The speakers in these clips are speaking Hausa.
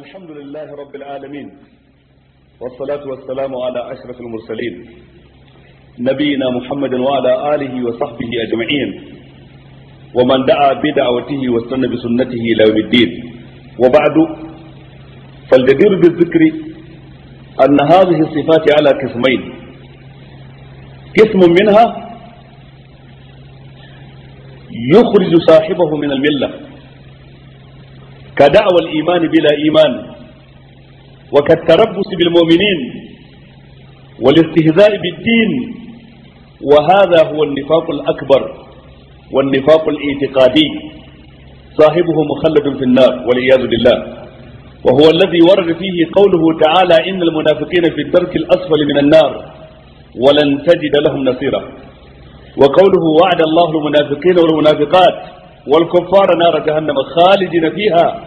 الحمد لله رب العالمين والصلاة والسلام على أشرف المرسلين نبينا محمد وعلى آله وصحبه أجمعين ومن دعا بدعوته واستنى بسنته إلى يوم الدين وبعد فالجدير بالذكر أن هذه الصفات على قسمين قسم منها يخرج صاحبه من المله كدعوى الإيمان بلا إيمان وكالتربص بالمؤمنين والاستهزاء بالدين وهذا هو النفاق الأكبر والنفاق الاعتقادي صاحبه مخلد في النار والعياذ بالله وهو الذي ورد فيه قوله تعالى إن المنافقين في الدرك الأسفل من النار ولن تجد لهم نصيرا وقوله وعد الله المنافقين والمنافقات والكفار نار جهنم خالدين فيها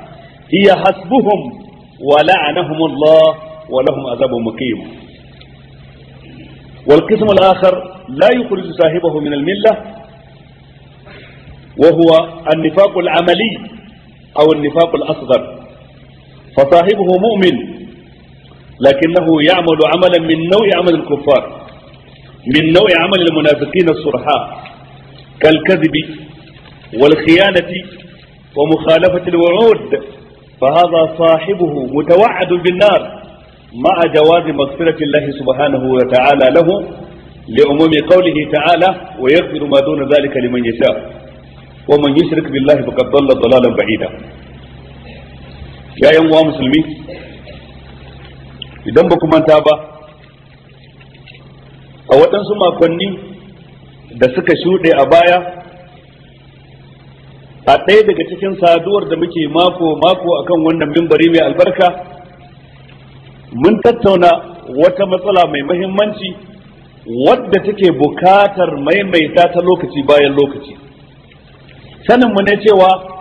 هي حسبهم ولعنهم الله ولهم عذاب مقيم والقسم الآخر لا يخرج صاحبه من الملة وهو النفاق العملي أو النفاق الأصغر فصاحبه مؤمن لكنه يعمل عملا من نوع عمل الكفار من نوع عمل المنافقين الصرحاء كالكذب والخيانة ومخالفة الوعود فهذا صاحبه متوعد بالنار مع جواز مغفرة الله سبحانه وتعالى له لعموم قوله تعالى ويغفر ما دون ذلك لمن يشاء ومن يشرك بالله فقد ضل ضلالا بعيدا يا يوم مسلمين idan ba manta ba a waɗansu makonni da suka shuɗe a baya a ɗaya daga cikin saduwar da muke mako mako akan wannan mimbari mai albarka mun tattauna wata matsala mai mahimmanci wadda take bukatar maimaita ta lokaci bayan lokaci sanin mu ne cewa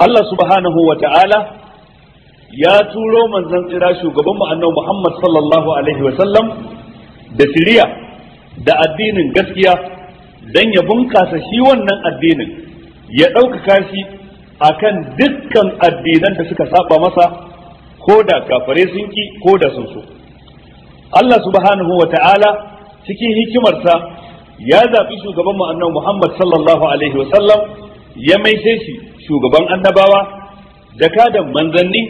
Allah subhanahu wa ta'ala ya turo manzan tsira shugaban mu annabi Muhammad sallallahu alaihi wa sallam da shiriya da addinin gaskiya dan ya bunkasa shi wannan addinin ya ɗaukaka shi akan dukkan addinan da suka saba masa ko da kafare sun ki ko da sun so Allah subhanahu wa ta'ala cikin hikimarsa ya zaɓi shugaban mu annabi Muhammad sallallahu alaihi wa sallam ya sai shi shugaban annabawa da kadan manzanni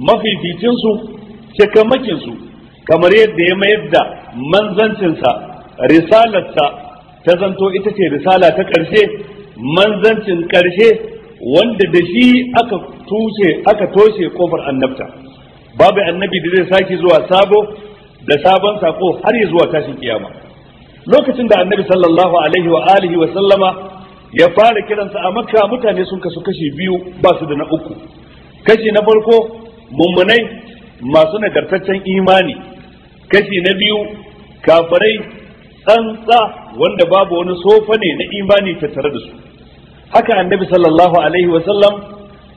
mafificinsu cikamakinsu kamar yadda ya mayar da manzancinsa risalarsa ta zanto ita ce risala ta ƙarshe manzancin ƙarshe, wanda da shi aka tushe aka toshe kofar annabta babu annabi da zai sake zuwa sabo da sabon sako har ya zuwa tashin kiyama lokacin da annabi sallallahu alaihi wa alihi wa sallama ya fara kiransa a makka mutane sun kasu kashi biyu ba su da na uku kashi na farko mummunai masu nagartaccen imani kashi na biyu kafirai tsantsa wanda babu wani sofa ne na imani tattare da su haka annabi sallallahu alaihi wa sallam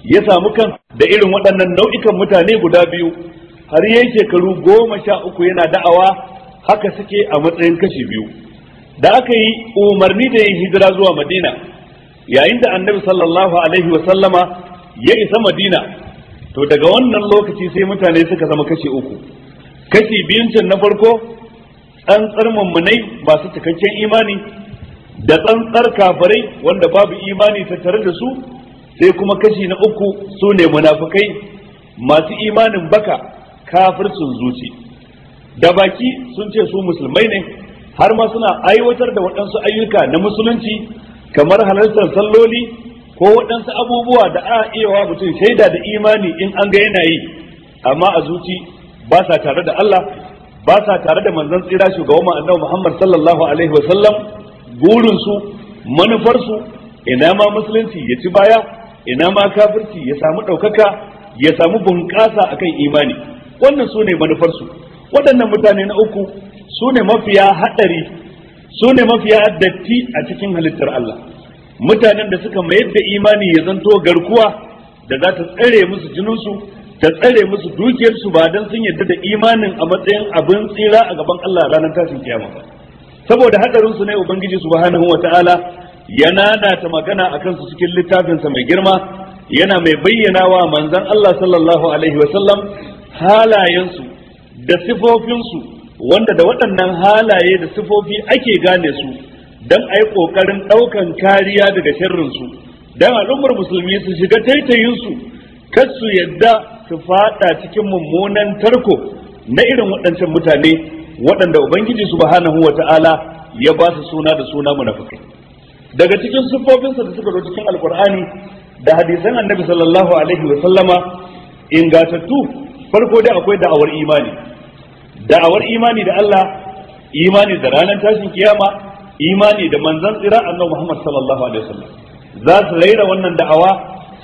ya samu kan da irin waɗannan nau'ikan mutane guda biyu har yayi shekaru goma sha uku yana da'awa haka suke a matsayin kashi biyu da aka yi umarni da yin hijira zuwa madina yayin da annabi sallallahu alaihi wa sallama ya isa madina to daga wannan lokaci sai mutane suka zama kashi uku kashi biyun can na farko tsantsar mummunai masu cikakken imani da tsantsar kafirai wanda babu imani tattare da su sai kuma kashi na uku su ne munafukai masu imanin baka kafircin zuci da baki sun ce su musulmai ne har ma suna aiwatar da waɗansu ayyuka na musulunci kamar halartar salloli ko waɗansu abubuwa da a iya wa mutum shaida da imani in an ga yana yi amma a zuci ba sa tare da Allah ba sa tare da manzon tsira shugaban annabi Muhammad sallallahu alaihi wa sallam burinsu manufarsu ina ma musulunci ya ci baya ina ma kafirci ya samu ɗaukaka ya samu bunƙasa akan imani wannan su ne manufarsu waɗannan mutane na uku su ne mafiya haɗari su ne mafiya datti a cikin halittar Allah mutanen da suka mayar da imani ya zanto garkuwa da za ta tsare musu jininsu ta tsare musu dukiyarsu ba don sun yarda da imanin a matsayin abin tsira a gaban Allah ranar tashin kiyama ba saboda hadarin su ne ubangiji subhanahu wataala yana da ta magana akan su cikin littafinsa mai girma yana mai bayyana wa manzon Allah sallallahu alaihi wa sallam halayensu da sifofinsu wanda da waɗannan halaye da sifofi ake gane su dan ai kokarin daukan kariya daga sharrin su dan al'ummar musulmi su shiga taitayin su kar su yadda su fada cikin mummunan tarko na irin waɗancan mutane waɗanda ubangiji subhanahu wata'ala ya ba su suna da suna munafikai daga cikin siffofinsa da suka zo cikin alkur'ani da hadisan annabi sallallahu alaihi wa sallama ingatattu farko dai akwai da'awar imani da'awar imani da Allah imani da ranar tashin kiyama imani da manzon tsira annabi Muhammad sallallahu alaihi wasallam za su raira wannan da'awa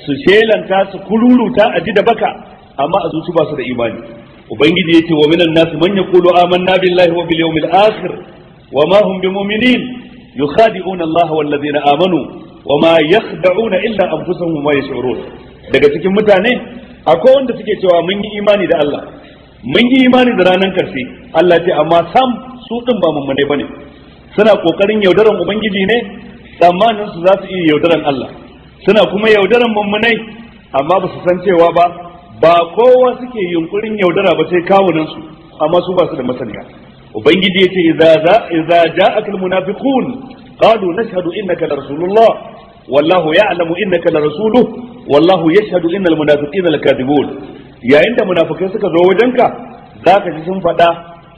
su shelanta su kururuta a ji da baka amma a zuci ba su da imani ubangiji yace wa minan nas man yaqulu amanna billahi wa bil yawmil akhir wa ma hum bimu'minin yukhadi'una Allah wal ladina amanu wa ma yakhda'una illa anfusahum wa yash'urun daga cikin mutane akwai wanda suke cewa mun yi imani da Allah mun yi imani da ranar karshe Allah ce amma sam su din ba mun bane suna kokarin yaudaran ubangiji ne tsammanin su za su iya yaudaran Allah suna kuma yaudaran mummunai amma ba su san cewa ba ba kowa suke yunkurin yaudara ba sai kawunan su amma su ba su da masaniya ubangiji yace idza za idza ja'aka almunafiqun qalu nashhadu innaka rasulullah wallahu ya'lamu innaka rasuluhu wallahu yashhadu innal munafiqina lakadibun yayin da munafikai suka zo wajenka zaka ji sun faɗa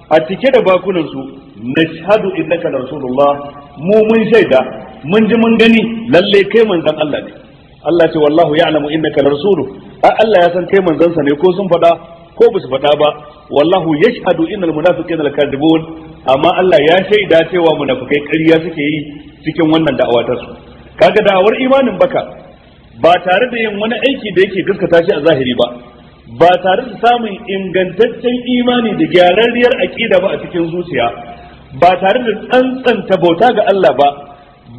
a cike da bakunansu na shahadu innaka rasulullah mu mun shaida mun ji mun gani lalle kai manzon Allah ne Allah ce wallahu ya'lamu innaka rasulu a Allah ya san kai manzansa sa ne ko sun faɗa ko ba su faɗa ba wallahu yashhadu innal munafiqina lakadibun amma Allah ya shaida cewa munafikai ƙarya suke yi cikin wannan da'awa ta su kaga da'awar imanin baka ba tare da yin wani aiki da yake gaskata shi a zahiri ba ba tare da samun ingantaccen imani da gyararriyar aƙida ba a cikin zuciya ba tare da tsantsanta bauta ga Allah ba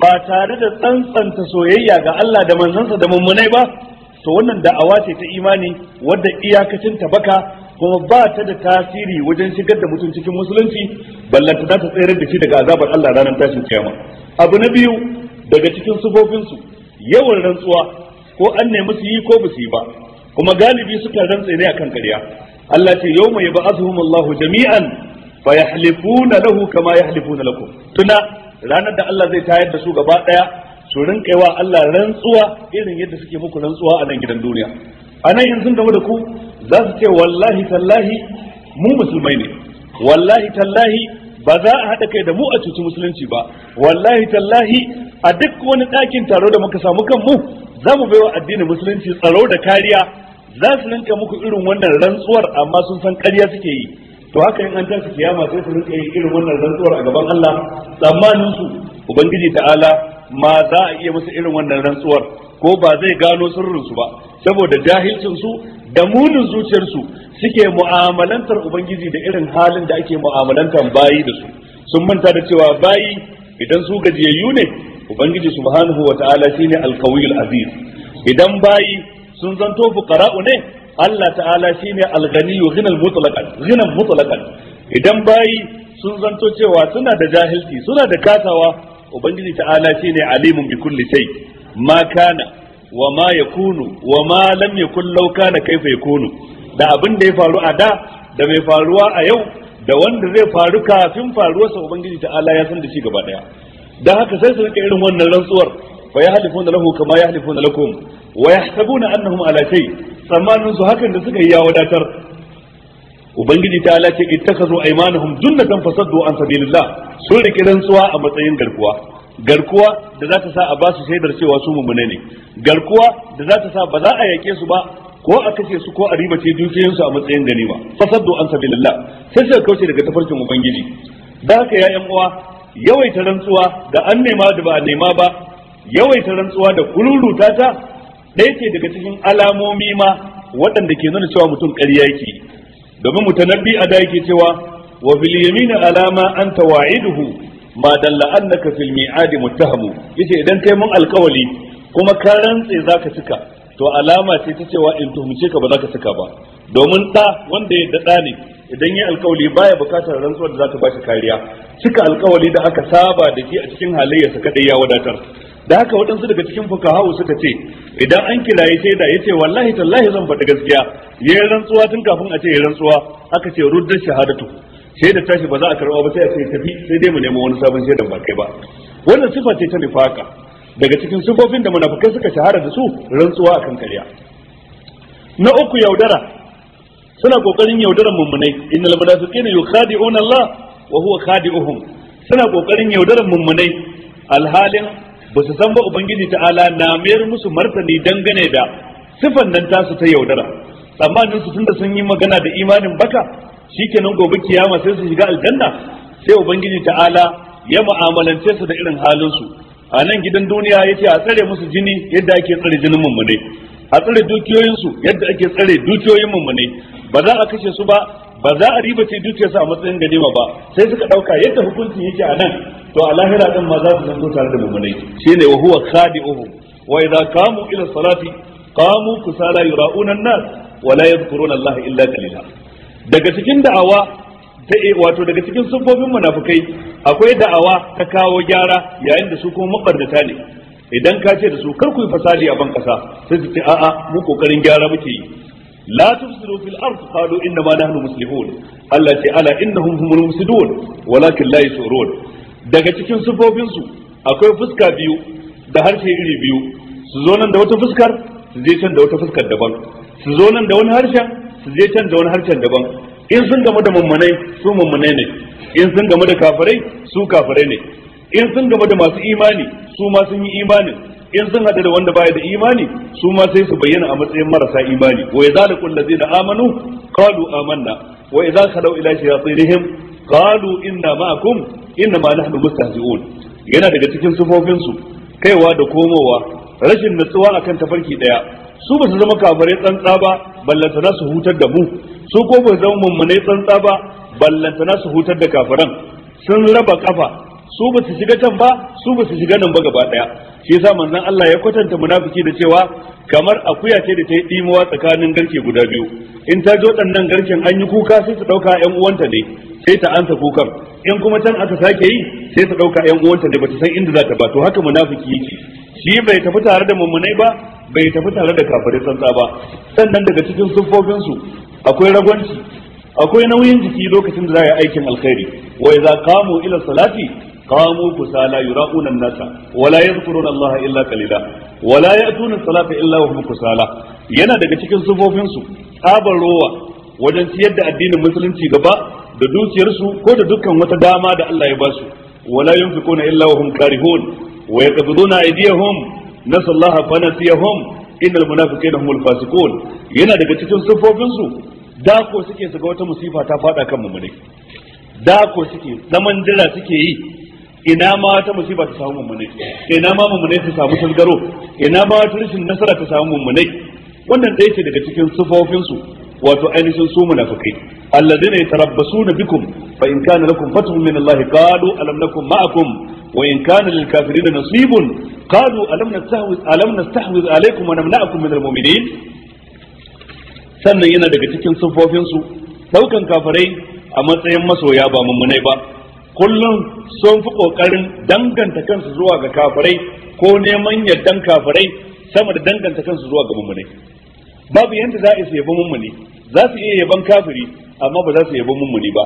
ba tare da tsantsanta soyayya ga Allah da manzansa da mummunai ba to wannan da'awa ce ta imani wadda iyakacin ta baka kuma ba ta da tasiri wajen shigar da mutum cikin musulunci ballanta za ta tsayar da shi daga azabar Allah ranar tashin kiyama abu na biyu daga cikin sufofinsu yawan rantsuwa ko an nemi su yi ko ba su yi ba kuma galibi suka rantsa ne akan ƙarya Allah ce yawma yab'athuhum Allahu jami'an fa yahlifuna lahu kama yahlifuna lakum tuna ranar da Allah zai tayar da su gaba daya su rinka wa Allah rantsuwa irin yadda suke muku rantsuwa a nan gidan duniya a nan in sun gaba da ku za su ce wallahi tallahi mu musulmai ne wallahi tallahi ba za a haɗa kai da mu a cuci musulunci ba wallahi tallahi a duk wani ɗakin taro da muka samu kanmu za mu baiwa addinin musulunci tsaro da kariya za su rinka muku irin wannan rantsuwar amma sun san ƙarya suke yi to haka in an tashi kiyama sai su rinka irin wannan rantsuwar a gaban Allah tsammanin su ubangiji ta'ala ma za a iya masa irin wannan rantsuwar ko ba zai gano sirrin su ba saboda jahilcin su da munin zuciyar su suke mu'amalantar ubangiji da irin halin da ake mu'amalantar bayi da su sun manta da cewa bayi idan su gajiyayyu ne ubangiji subhanahu wata'ala shine alqawiyul aziz idan bayi sun zanto fuqara'u ne Allah ta'ala shine al-ghaniyyu ghinal mutlaqan ghinan mutlaqan idan bayi sun zanto cewa suna da jahilci suna da kasawa ubangiji ta'ala shine alimun bi kulli shay ma kana wa ma yakunu wa ma lam yakun law kana kaifa yakunu da abin da ya faru a da da mai faruwa a yau da wanda zai faru kafin faruwarsa ubangiji ta'ala ya san da shi gaba daya dan haka sai su rike irin wannan rantsuwar fa yahlifuna lahu kama yahlifuna lakum wa yahsabuna annahum ala shay tsammanin su hakan da suka yi ya wadatar ubangiji ta ala ce ittakhazu aymanahum junnatan fasaddu an sabilillah sun rike rantsuwa a matsayin garkuwa garkuwa da za ta sa a basu shaidar cewa su mummune ne garkuwa da za ta sa ba za a yake su ba ko a kashe su ko a riba ce dukiyoyinsu a matsayin ganima fasaddu an sabilillah sai suka kauce daga tafarkin ubangiji da haka ya yan uwa yawaita rantsuwa da an nema da ba a nema ba yawaita rantsuwa da kululuta ta ɗaya ce daga cikin alamomi ma waɗanda ke nuna cewa mutum ƙarya yake domin mutanabbi a da yake cewa wa fil yamina alama anta wa'iduhu ma dalla annaka fil mi'adi muttahamu yace idan kai mun alƙawali kuma ka rantse zaka cika to alama ce ta cewa in tuhumce ka ba za ka cika ba domin ɗa wanda ya daɗa ne idan ya alkawali baya bukatar rantsuwar da za ta ba shi kariya cika alƙawali da aka saba da shi a cikin halayyarsa kaɗai ya wadatar da haka waɗansu daga cikin fukahawu suka ce idan an sai shaida ya ce wallahi tallahi zan faɗi gaskiya ya yi rantsuwa tun kafin a ce ya rantsuwa aka ce rudda shahadatu da tashi ba za a karɓa ba sai a ce tafi sai dai mu nemo wani sabon shaidan ba kai ba wannan sifa ce ta nifaka daga cikin sifofin da munafukai suka shahara da su rantsuwa akan karya na uku yaudara suna kokarin yaudaran mummunai innal munafiqina yukhadi'una Allah wa huwa khadi'uhum suna kokarin yaudaran mummunai alhalin ba su san ba ubangiji ta'ala na mayar musu martani dangane da sifan nan tasu ta yaudara tsammanin su tunda sun yi magana da imanin baka shikenan gobe kiyama sai su shiga aljanna sai ubangiji ta'ala ya mu'amalance su da irin halin su a nan gidan duniya yace a tsare musu jini yadda ake tsare jinin mummune a tsare dukiyoyin su yadda ake tsare dukiyoyin mummune ba za a kashe su ba ba za a riba ci dukiyarsu a matsayin ganima ba sai suka dauka yadda hukuncin yake a nan to a lahira din ma za su zanto tare da mummunai ne wa huwa khadi'uhum wa idza qamu ila salati qamu kusala yura'una an-nas wa la yadhkuruna Allah illa qalila daga cikin da'awa ta wato daga cikin sufofin munafikai akwai da'awa ta kawo gyara yayin da su kuma mabarnata ne idan ka ce da su kar ku yi fasadi a ban kasa sai su ce a'a mu kokarin gyara muke yi La لا تفسدوا في الأرض قالوا إنما نحن مسلمون التي ألا إنهم هم المفسدون ولكن لا يشعرون daga cikin sufofinsu akwai fuska biyu da harshe iri biyu su zo nan da wata fuskar su je can da wata fuskar daban su zo nan da wani harshen su je can da wani harshen daban in sun gamu da mummunai su mummunai ne in sun gamu da kafirai su kafirai ne in sun gamu da masu imani su ma sun yi imanin in sun hada da wanda baya da imani su ma sai su bayyana a matsayin marasa imani wa idza laqul ladzina amanu qalu amanna wa idza khalu ila shayatinihim qalu inna ma'akum inna ma nahnu mustahzi'un yana daga cikin sufofin su kaiwa da komowa rashin nutsuwa akan tafarki daya su ba su zama kafare tsantsa ba ballantana su hutar da mu su ko ba zama mummune tsantsa ba ballantana su hutar da kafaran. sun raba kafa su ba su shiga can ba su ba su shiga nan ba gaba daya shi yasa manzon Allah ya kwatanta munafiki da cewa kamar akuya ce da ta yi dimuwa tsakanin garke guda biyu in ta ji waɗannan garken an yi kuka sai ta ɗauka 'yan uwanta ne sai ta ansa kukan in kuma can aka sake yi sai ta ɗauka yan uwanta da bata san inda za ta ba to haka munafiki yake shi bai tafi tare da mummunai ba bai tafi tare da kafirai tsantsa ba sannan daga cikin siffofin akwai ragwanci akwai nauyin jiki lokacin da za a yi aikin alkhairi wa idza qamu ila salati قاموا kusala يراؤون nasa wala yadhkuruna allaha illa qalila wala ya'tuna salata illa wa kusala. yana daga cikin sufofin su tsabar rowa wajen ciyar da addinin musulunci gaba da dukiyarsu ko da dukkan wata dama da Allah ya ba su wala yunfiquna illa wa hum karihun wa yaqbiduna aydiyahum nasallaha fa nasiyahum innal munafiqina humul fasiqun yana daga cikin sifofin su da ko suke su ga wata musifa ta fada kan mummune da ko suke zaman jira suke yi ina ma wata musiba ta samu mummune ina ma mummune ta samu sulgaro ina ma wata rashin nasara ta samu mummune wannan ɗaya ce daga cikin sifofin su wato ainihin su munafikai alladheena yatarabbasuna bikum fa in kana lakum fathun min Allah qalu alam nakum ma'akum wa in kana lil kafirin nasibun qalu alam nastahwiz alam nastahwiz alaykum wa namna'akum min al mu'minin sannan yana daga cikin sufofin su daukan kafirai a matsayin masoya ba mummunai ba kullum sun fi kokarin danganta kansu zuwa ga kafirai ko neman yardan kafirai sama da danganta kansu zuwa ga mummunai babu yanda za a yabo mummuni za su iya yaban kafiri amma ba za su yabo mummuni ba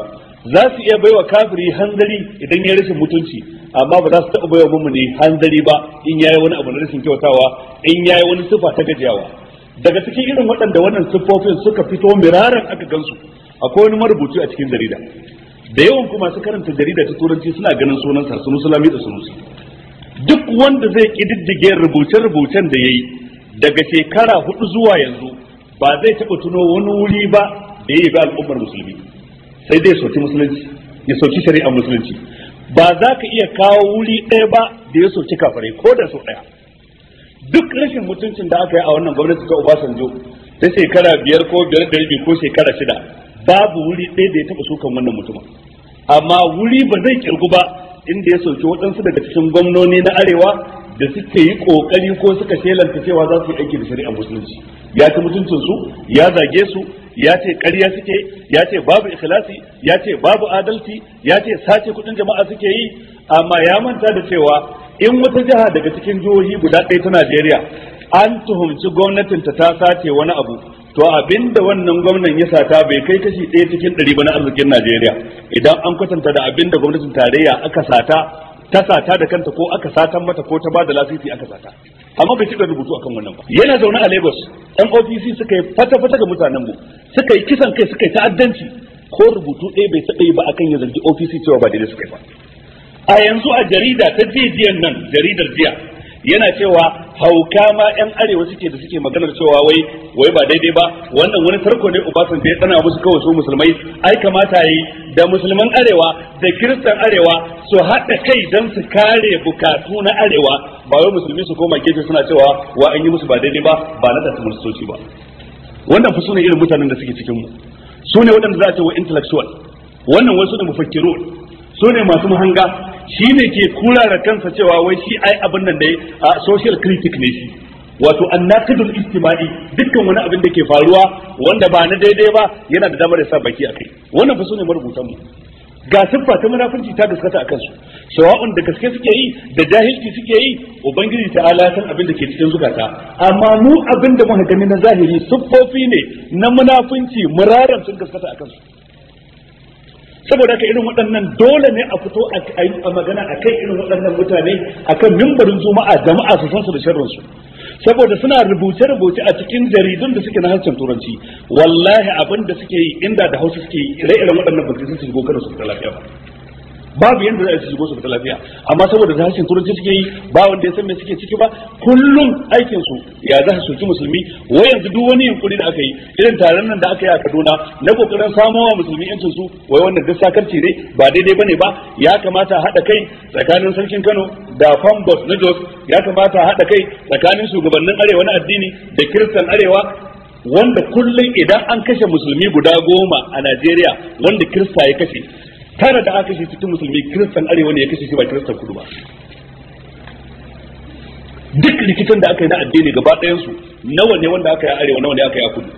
za su iya baiwa kafiri hanzari idan ya rashin mutunci amma ba za su taɓa baiwa mummuni hanzari ba in yayi wani abu na rashin kyautawa in yayi wani sifa ta gajiyawa daga cikin irin waɗanda wannan siffofin suka fito miraran aka gansu akwai wani marubuci a cikin jarida da yawan kuma su karanta jarida ta turanci suna ganin sunan sa sunu sulami da sunusi duk wanda zai kididdige rubuce-rubucen da yayi daga shekara hudu zuwa yanzu ba zai taɓa tuno wani wuri ba da ya yi ga al'ummar musulmi sai dai soci musulunci ya soki shari'ar musulunci ba za ka iya kawo wuri ɗaya ba da ya soki kafare ko da sau ɗaya duk rashin mutuncin da aka yi a wannan gwamnati ta Obasanjo ta shekara biyar ko biyar da rabi ko shekara shida babu wuri ɗaya da ya taɓa sukan wannan mutumin amma wuri ba zai kirgu ba inda ya soki waɗansu daga cikin gwamnoni na arewa da suke yi kokari ko suka shelanta cewa za su yi aiki da shari'ar musulunci ya ci mutuncin su ya zage su ya ce ƙarya suke ya ce babu ikhlasi ya ce babu adalci ya ce sace kudin jama'a suke yi amma ya manta da cewa in wata jiha daga cikin jihohi guda ɗaya ta Najeriya an tuhumci gwamnatin ta ta sace wani abu to abinda wannan gwamnan ya sata bai kai kashi ɗaya cikin ɗari ba na arzikin Najeriya idan an kwatanta da abinda gwamnatin tarayya aka sata ta sata da kanta ko aka satan mata ko ta bada lasisi aka sata amma bai cika rubutu akan wannan ba yana zaune a Lagos ɗan OPC suka yi fata-fata ga mutanen mu suka yi kisan kai suka yi ta'addanci ko rubutu ɗaya bai saba yi ba akan ya zargi OPC cewa ba daidai suka yi ba a yanzu a jarida ta jijiyan nan jaridar jiya yana cewa hauka ma yan arewa suke da suke maganar cewa wai wai ba daidai ba wannan wani tarko ne da ya tsana musu kawai su musulmai ai kamata yi da musulman arewa da kiristan arewa su haɗa kai don su kare bukatu na arewa ba wai musulmi su koma gefe suna cewa wa an yi musu ba daidai ba ba na da musulunci ba wannan fi sune irin mutanen da suke cikin mu ne waɗanda za a ce wa intellectual wannan wasu da Su ne masu mahanga ne ke kula da kansa cewa wai shi ai abin nan da social critic ne shi wato naqidul istima'i dukkan wani abin da ke faruwa wanda ba na daidai ba yana da damar ya sa baki akai wannan fa sune marubutan mu ga siffa ta munafunci ta gaskata akan su sawa'un da gaske suke yi da jahilci suke yi ubangiji ta ala san abin da ke cikin zukata amma mu abin da muka gani na zahiri siffofi ne na munafunci muraran sun gaskata akan su saboda ka irin waɗannan dole ne a fito a magana a kai irin waɗannan mutane akan kan mimbarin zuma'a jama'a su san su da su saboda suna rubuce rubuce a cikin jaridun da suke na harshen turanci wallahi abin da suke yi inda da hausa suke yi ire-iren waɗannan ba su shigo kada su fita lafiya ba babu yanda za a shigo su fita lafiya amma saboda rashin turanci suke yi ba wanda ya san me suke ciki ba kullum aikinsu su ya za su musulmi wai yanzu duk wani yunkuri da aka yi irin taron nan da aka yi a Kaduna na kokarin samo wa musulmi yancin su wai wannan duk sakarci ne ba daidai bane ba ya kamata hada kai tsakanin sarkin Kano da Fambos na Jos ya kamata hada kai tsakanin shugabannin arewa na addini da kiristan arewa wanda kullum idan an kashe musulmi guda goma a Najeriya wanda kirista ya kashe Tare da aka shi cikin musulmi kiristan arewa ne ya kashe shi ba kiristan kudu ba duk rikicin da aka yi na addini gaba ɗayan su nawa ne wanda aka yi a arewa nawa ne aka yi a kudu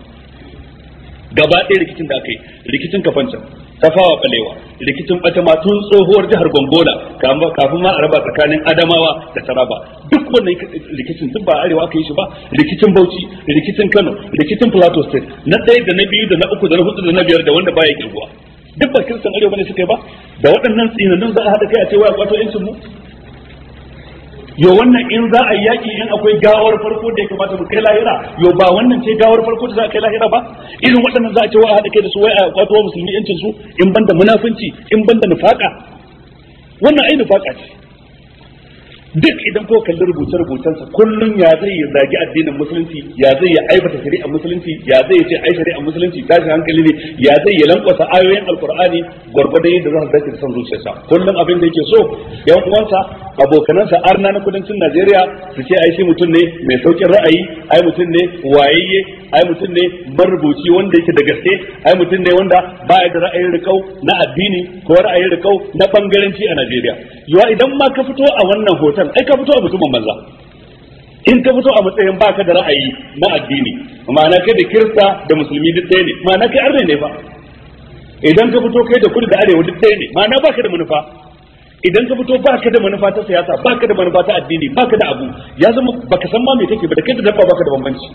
gaba ɗaya rikicin da aka yi rikicin kafancan tafawa balewa rikicin batama masu tsohuwar jihar gongola kafin ma a raba tsakanin adamawa da taraba duk wannan rikicin duk ba arewa aka yi shi ba rikicin bauchi rikicin kano rikicin plateau state na ɗaya da na biyu da na uku da na hudu da na biyar da wanda baya kirguwa duk ba kiristan arewa bane suka yi ba da waɗannan tsinanin za a haɗa kai a ce wa kwato yancin mu yo wannan in za a yaki in akwai gawar farko da ya kamata mu kai lahira yo ba wannan ce gawar farko da za a kai lahira ba irin waɗannan za a ce wa a haɗa kai da su wai a kwato musulmi yancin su in banda munafunci in banda nufaka wannan ai nufaka ce duk idan ko kalli rubuce rubucensa kullum ya zai ya zagi addinin musulunci ya zai ya aifata shari'ar musulunci ya zai ya ce ai shari'ar musulunci shi hankali ne ya zai ya lankwasa ayoyin alkur'ani gwargwadon yadda za su dace da son zuciyarsa kullum abin da yake so yan uwansa abokanansa arna na kudancin Najeriya su ce ai shi mutum ne mai saukin ra'ayi ai mutum ne wayayye ai mutum ne marubuci wanda yake da gaske ai mutum ne wanda ba da ra'ayin rikau na addini ko ra'ayin rikau na bangaranci a Najeriya yawa idan ma ka fito a wannan hoton hasan ai ka fito a mutumin manza in ka fito a matsayin baka da ra'ayi na addini ma'ana kai da kirista da musulmi duk ɗaya ne ma'ana kai arne ne ba. idan ka fito kai da kudu da arewa duk ɗaya ne ma'ana baka da manufa idan ka fito baka da manufa ta siyasa baka da manufa ta addini baka da abu ya zama baka san ma me kake ba da kai da dabba baka da bambanci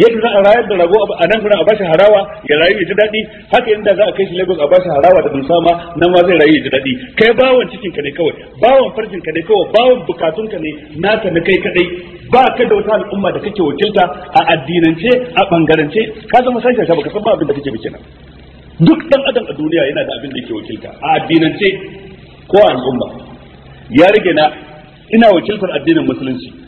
yadda za a rayar da rago a nan gurin a bashi harawa ya rayu ya ji daɗi haka inda za a kai shi lagos a bashi harawa da dunsama nan ma zai rayu ya ji daɗi kai bawon cikin ka ne kawai bawon farjin ka ne kawai bawon bukatun ka ne naka na kai kadai ba ka da wata al'umma da kake wakilta a addinance a bangarance ka zama sashi ta baka san ba abin da kake bikin duk dan adam a duniya yana da abin da yake wakilta a addinance ko a al'umma ya rage na ina wakiltar addinin musulunci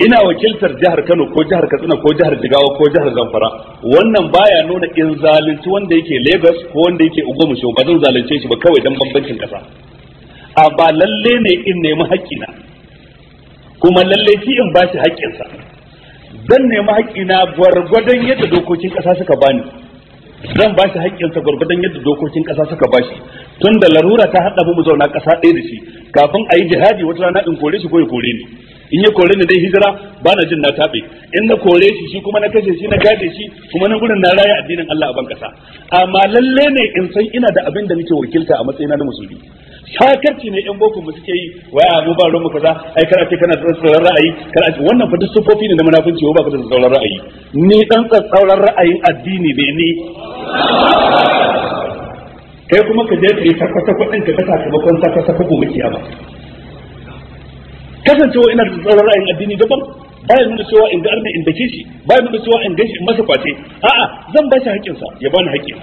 ina wakiltar jihar Kano ko jihar Katsina ko jihar Jigawa ko jihar Zamfara wannan baya nuna in zalunci wanda yake Lagos ko wanda yake Ogbomusho ba zan zalunce shi ba kawai dan bambancin kasa a ba lalle ne in nemi haƙƙina kuma lalle shi in bashi haƙƙinsa zan nemi haƙƙina gwargwadon yadda dokokin ƙasa suka bani zan bashi haƙƙinsa gwargwadon yadda dokokin kasa suka bashi tun da larura ta haɗa mu zauna kasa ɗaya da shi kafin a yi jihadi wata rana in kore shi ko ya kore ni in ya kore ni dai hijira ba na jin na tabe in na kore shi shi kuma na kashe shi na gade shi kuma na gurin na raya addinin Allah a ban amma lalle ne in san ina da abin da nake wakilta a matsayina na musulmi shakarci ne yan boko mu suke yi waya mu ba ruwan mu kaza ai kar a ce kana da sauran ra'ayi kana a ce wannan fa duk sufofi ne na munafunci ba ka da sauran ra'ayi ni dan tsauran ra'ayin addini ne ni kai kuma ka je ka yi sakwa ɗin ka ga sakamakon sakwa-sakwa gobe kiyama kasancewa ina da tsaron ra'ayin addini daban bayan nuna cewa in ga arna in dake shi bayan nuna cewa in ganshi in masa kwace a'a zan ba shi haƙƙin sa ya bani haƙƙin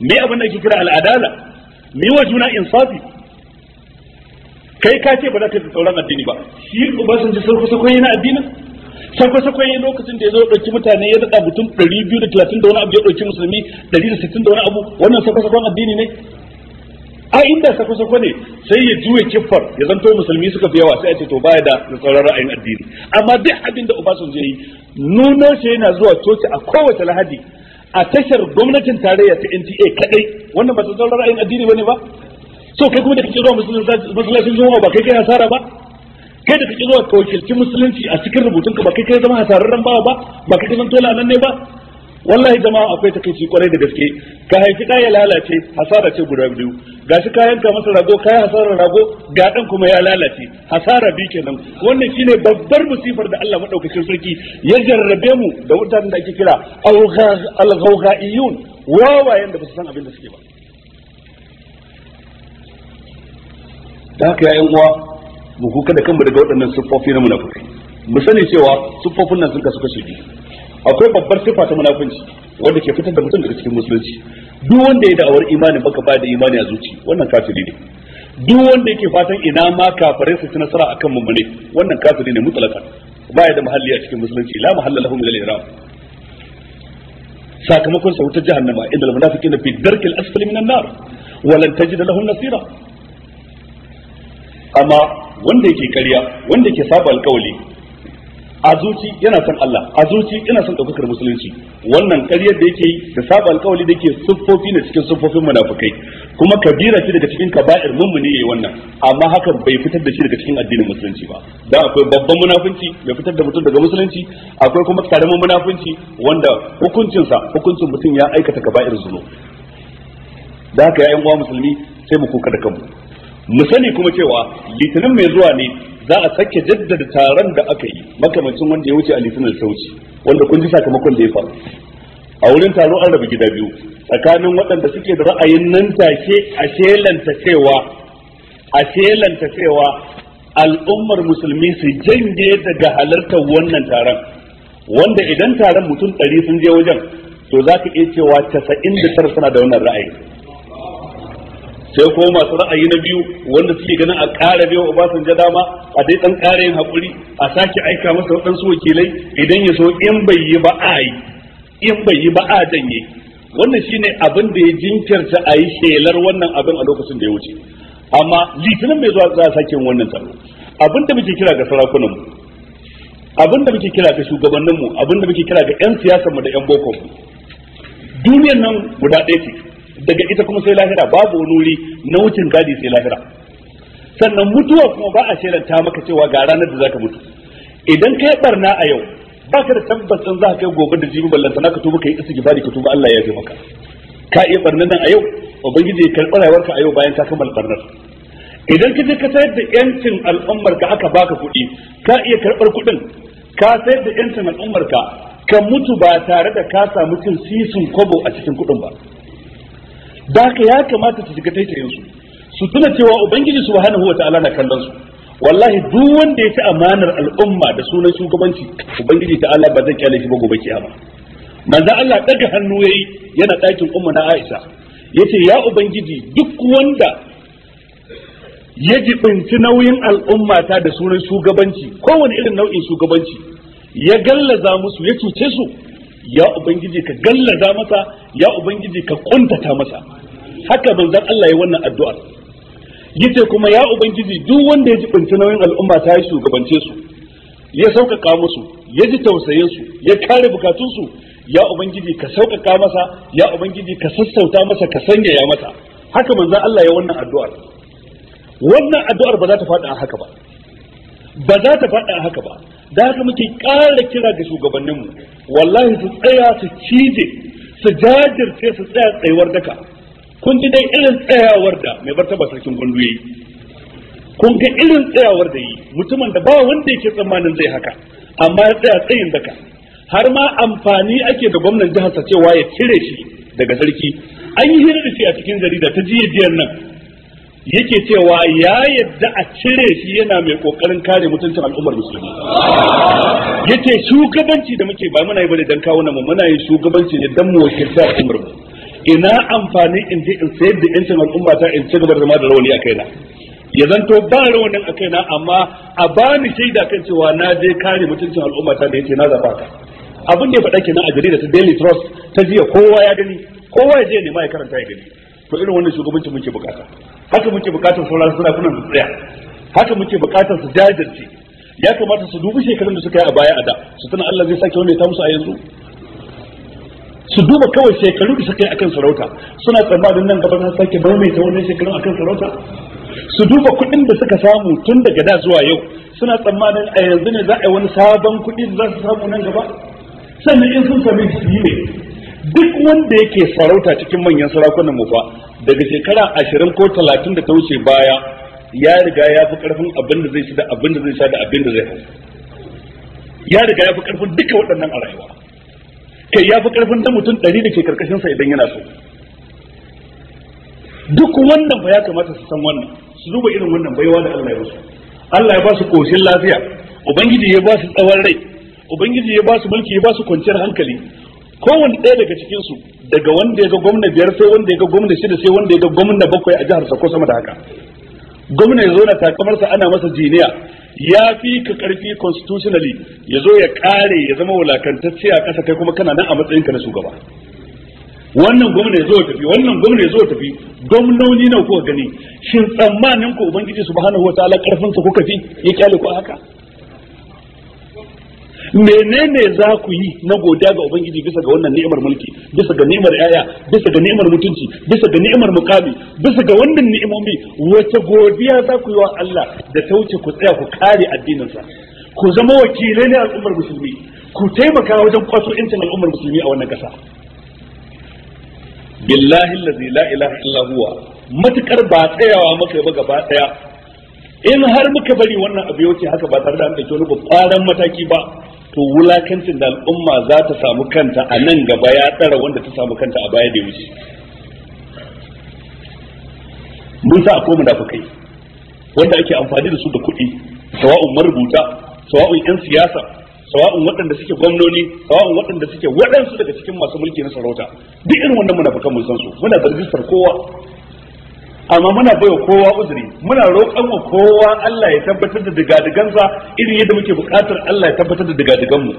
me abin da yake kira al'adala me wa juna insafi kai ka ce ba za ka tsaron addini ba shi ba san ji sarko na yana addinin sarko sarko yana lokacin da ya zo ɗauki mutane ya daɗa mutum 230 da wani abu ya ɗauki musulmi 160 da wani abu wannan sarko sakon addini ne a inda sako sako ne sai ya juya kiffar ya zanto musulmi suka fi yawa sai a ce to baya da sauran ra'ayin addini amma duk abin da Obasanjo yi nuna shi yana zuwa coci a kowace lahadi a tashar gwamnatin tarayya ta NTA kadai wannan ba ta ra'ayin addini bane ba so kai kuma da kake zuwa musulunci zuwa ba kai kai hasara ba kai da kake zuwa ka wakilci musulunci a cikin rubutunka ba kai kai zama hasararren bawa ba ba kai kai zanto nan ne ba wallahi jama'a akwai takaici kwarai da gaske ka haifi ɗaya ya lalace hasara ce guda biyu gashi ka yanka masa rago ka yi hasarar rago ga ɗan kuma ya lalace hasara biyu kenan wannan shine babbar musifar da Allah madaukakin sarki ya jarrabe mu da mutanen da ake kira al-ghawghaiyun wawayen da ba su san abin da suke ba da haka ya uwa mu kuka da kanmu daga waɗannan siffofi na munafukai mu sani cewa siffofin nan sun kasu kashe biyu akwai babbar sifa ta munafunci wanda ke fitar da mutum daga cikin musulunci duk wanda ya da'awar imanin baka ba da imani a zuci wannan kafiri ne duk wanda yake fatan ina ma kafirai su ci nasara akan ne wannan kafiri ne mutlaka baya da mahalli a cikin musulunci la mahalla lahum min al-ihram sakamakon sa wutar jahannama inda al-munafiqin fi darkil asfali min an-nar wa lan tajid lahum nasira amma wanda yake kariya wanda yake saba alƙawali a zuci yana son Allah a zuci ina son ɗaukakar musulunci wannan ƙaryar da yake yi da saba alƙawali da yake siffofi ne cikin siffofin munafukai kuma kabira ce daga cikin kaba'ir mummuni yayi wannan amma hakan bai fitar da shi daga cikin addinin musulunci ba da akwai babban munafunci bai fitar da mutum daga musulunci akwai kuma karamin munafunci wanda hukuncinsa hukuncin mutum ya aikata kaba'ir zuno da haka yayin uwa musulmi sai mu kuka da kanmu mu sani kuma cewa litinin mai zuwa ne za a sake jaddada taron da aka yi makamancin wanda ya wuce a litinin sauci wanda kun ji sakamakon da ya faru a wurin taro an gida biyu tsakanin waɗanda suke da ra'ayin nan take a shelanta cewa a shelanta cewa al'ummar musulmi su janye daga halartar wannan taron wanda idan taron mutum ɗari sun je wajen to za ka iya cewa casa'in da tara suna da wannan ra'ayi sai kuma masu ra'ayi na biyu wanda suke ganin a ƙara biyu biyo Obasanjo dama a dai ɗan ƙara yin haƙuri a sake aika masa waɗansu wakilai idan ya so in bai yi ba a yi in bai yi ba a janye wannan shine abin da ya jinkirta a yi shelar wannan abin a lokacin da ya wuce amma litinin mai zuwa za a sake wannan taro abin da muke kira ga sarakunan mu abin da muke kira ga shugabanninmu, abin da muke kira ga yan siyasar mu da yan boko mu duniyar nan guda ɗaya ce daga ita kuma sai lahira babu wani wuri na wucin gadi sai lahira sannan mutuwa kuma ba a shelanta maka cewa ga ranar da zaka mutu idan kai barna a yau baka da tabbacin za ka kai gobe da jibi ballanta naka tuba kai gibari ka tuba Allah ya fi maka ka iya barnan nan a yau ubangiji ya karɓi rayuwarka a yau bayan ka kammala barnar idan ka je ka sayar da yancin al'ummar ka aka baka kuɗi ka iya karɓar kuɗin ka sayar da yancin al'ummar ka ka mutu ba tare da ka samu cin sisin kobo a cikin kuɗin ba da haka ya kamata su shiga taitayin su su tuna cewa ubangiji subhanahu wataala na kallon su wallahi duk wanda ya ci amanar al'umma da sunan shugabanci ubangiji ta'ala ba zai kyale shi ba gobe kiyama manzo Allah daga hannu yayi yana ɗakin umma na Aisha yace ya ubangiji duk wanda ya jibinci nauyin al'ummata da sunan shugabanci kowane irin nau'in shugabanci ya gallaza musu ya cuce su ya ubangiji ka gallaza masa ya ubangiji ka kuntata masa haka manzon Allah ya wannan addu'ar. yace kuma ya ubangiji duk wanda ya ji nauyin al'umma ta yi shugabance su ya sauƙaƙa musu ya ji tausayinsu, su ya kare bukatun su ya ubangiji ka sauƙaƙa masa ya ubangiji ka sassauta masa ka sanyaya masa haka manzon Allah ya wannan addu'ar wannan addu'ar ba za ta faɗa a haka ba ba za ta faɗa a haka ba da haka muke ƙara kira ga shugabanninmu wallahi su tsaya su cije su jajirce su tsaya tsayuwar daka kun ji dai irin tsayawar da mai taba sarkin gwandu yi, kun ga irin tsayawar da yi mutumin da ba wanda yake tsammanin zai haka amma ya tsaya tsayin daka har ma amfani ake da gwamnan jihar sa cewa ya cire shi daga sarki an yi hira da shi a cikin jarida ta jiya jiyan nan yake cewa ya yadda a cire shi yana mai kokarin kare mutuncin al'ummar musulmi yace shugabanci da muke ba muna yi bane dan kawo namu muna yi shugabanci ne dan mu wakilta al'ummar mu ina amfani in je in sayar da yancin al'umma ta in ci gaba da zama da rawani a kaina ya zanto ba rawanin a kaina amma a bani shaida kan cewa na je kare mutuncin al'umma ta da yake na zaba ka abin da ya faɗa kenan a jarida ta Daily Trust ta jiya kowa ya gani kowa ya je ne ma ya karanta ya gani to irin wannan shugabancin muke bukata haka muke bukatar sauran sarakunan da tsaya haka muke bukatar su jajirce ya kamata su dubi shekarun da suka yi a baya a da su tana Allah zai sake wani ta musu a yanzu su duba kawai shekaru da suka yi akan sarauta suna tsammanin nan gaba na sake maimaita wani shekarun akan sarauta su duba kuɗin da suka samu tun daga da zuwa yau suna tsammanin a yanzu ne za a yi wani sabon kuɗi da za su samu nan gaba sannan in sun same shi ne duk wanda yake sarauta cikin manyan sarakunan mu fa daga shekara ashirin ko talatin da ta wuce baya ya riga ya fi karfin abin da zai shi da abin da zai sha da abin da zai hau ya riga ya fi karfin duka waɗannan a rayuwa kai ya fi karfin da mutum ɗari da ke karkashin sa idan yana so duk wannan ba ya kamata su san wannan su duba irin wannan baiwa da Allah ya musu Allah ya ba su koshin lafiya ubangiji ya ba su tsawon rai ubangiji ya ba su mulki ya ba su kwanciyar hankali kowanne ɗaya daga cikinsu daga wanda ya ga gwamna biyar sai wanda ya ga gwamna shida sai wanda ya ga gwamna bakwai a jihar ko sama da haka gwamna ya zo na takamarsa ana masa jiniya ya fi ka karfi constitutionally ya zo ya kare ya zama wulakantacce a ƙasa kai kuma kana nan a matsayin ka na shugaba wannan gwamna ya zo tafi wannan gwamna ya zo tafi gwamnoni nawa kuka gani shin tsammanin ku ubangiji subhanahu wataala karfin sa kuka fi ya kyale ku haka menene za ku yi na godiya ga ubangiji bisa ga wannan ni'imar mulki bisa ga ni'imar yaya bisa ga ni'imar mutunci bisa ga ni'imar mukami bisa ga wannan ni'imomi wace godiya za ku yi wa Allah da ta wuce ku tsaya ku kare addinin sa ku zama wakilai ne al'ummar musulmi ku taimaka wajen kwato incin al'ummar musulmi a wannan kasa billahi allazi la ilaha illa huwa matukar ba tsayawa maka ba gaba daya in har muka bari wannan abu yauce haka ba tare da an dauki wani babban mataki ba to wulakancin da al'umma za ta samu kanta a nan gaba ya tsara wanda ta samu kanta a baya da wuce mun sa akwai munafukai wanda ake amfani da su da kuɗi sawa'un marubuta sawa'un 'yan siyasa sawa'un waɗanda suke gwamnoni sawa'un waɗanda suke waɗansu daga cikin masu mulki na sarauta duk irin wannan munafukan mun san su muna da rijistar kowa amma muna baiwa kowa uzuri muna roƙon wa kowa Allah ya tabbatar da digadigansa irin yadda muke buƙatar Allah ya tabbatar da digadigan mu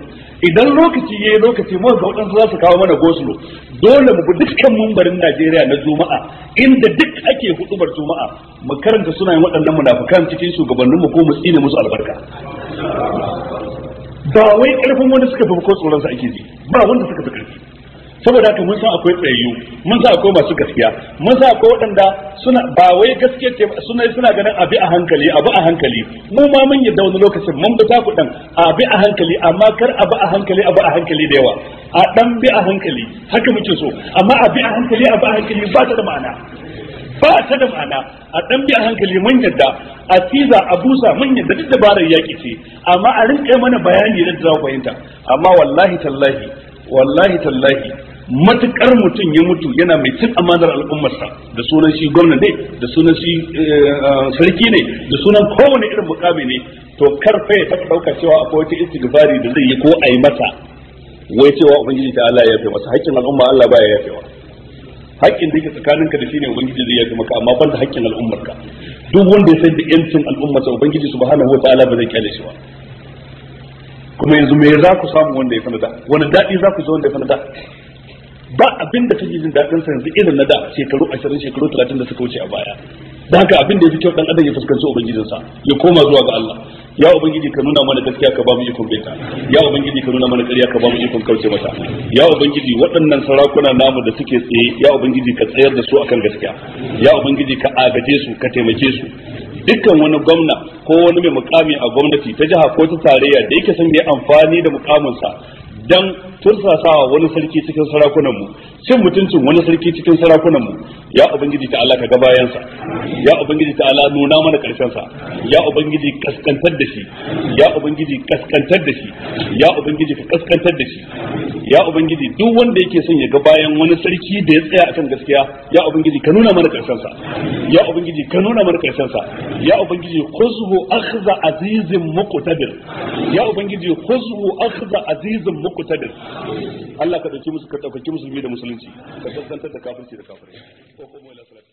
idan lokaci yayi lokaci mu ga wadansu za su kawo mana gosulo dole mu bi dukkan mumbarin Najeriya na Juma'a inda duk ake hudubar Juma'a mu karanta sunayen waɗannan munafukan cikin shugabannin mu ko mu tsine musu albarka ba wai karfin wanda suka fi ko tsoron sa ake ji ba wanda suka fi karfi saboda haka mun san akwai tsayayyu mun san akwai masu gaskiya mun san akwai waɗanda suna ba wai gaskiya ce suna suna ganin abi a hankali abu a hankali mu ma mun yadda wani lokacin mun bi taku dan abi a hankali amma kar abu a hankali abu a hankali da yawa a dan bi a hankali haka muke so amma abi a hankali abu a hankali ba ta da ma'ana ba ta da ma'ana a dan bi a hankali mun yadda a tiza a busa mun yadda duk dabarar yaki ce amma a rinƙe mana bayani da za ku fahimta amma wallahi tallahi wallahi tallahi matukar mutum ya mutu yana mai cin amanar al'ummarsa da sunan shi gwamna ne da sunan shi eh, eh, sarki ne da sunan kowane irin mukami ne to karfe ya taɓa ɗauka cewa akwai wata istighfari da zai yi ko a yi masa wai cewa ubangiji ta Allah ya yafe masa haƙƙin al'umma Allah baya wa. haƙƙin da yake tsakaninka da shine ubangiji zai yafe maka amma banda haƙƙin al'ummarka duk wanda ya san da yancin al'ummarsa ubangiji subhanahu wataala ba zai kyale shi ba kuma yanzu me za ku samu wanda ya sanada wani daɗi za ku zo wanda ya sanada ba abin da take jin daɗin sa yanzu irin na da shekaru 20 shekaru 30 da suka wuce a baya Ba haka abin da ya fi kyau dan adam ya fuskanci sa ya koma zuwa ga Allah ya ubangiji ka nuna mana gaskiya ka ba mu ikon beta ya ubangiji ka nuna mana ƙarya ka ba mu ikon kauce mata ya ubangiji waɗannan sarakuna namu da suke tsaye ya ubangiji ka tsayar da su akan gaskiya ya ubangiji ka agaje su ka taimake su dukkan wani gwamna ko wani mai mukami a gwamnati ta jiha ko ta tarayya da yake son ya amfani da mukaminsa dan tursasawa wani sarki cikin sarakunan mu cin mutuncin wani sarki cikin sarakunan mu ya ubangiji ta Allah ka ga bayansa ya ubangiji ta Allah nuna mana karshen sa ya ubangiji kaskantar da shi ya ubangiji kaskantar da shi ya ubangiji ka kaskantar da shi ya ubangiji duk wanda yake son ya ga bayan wani sarki da ya tsaya akan gaskiya ya ubangiji ka nuna mana karshen sa ya ubangiji ka nuna mana karshen sa ya ubangiji khuzhu akhza azizin muqtadir ya ubangiji khuzhu akhza azizin muq kubuta da su Allah ka dauki musu ka dauki musulmi da musulunci ka tsantsanta da kafirci da kafirai ko kuma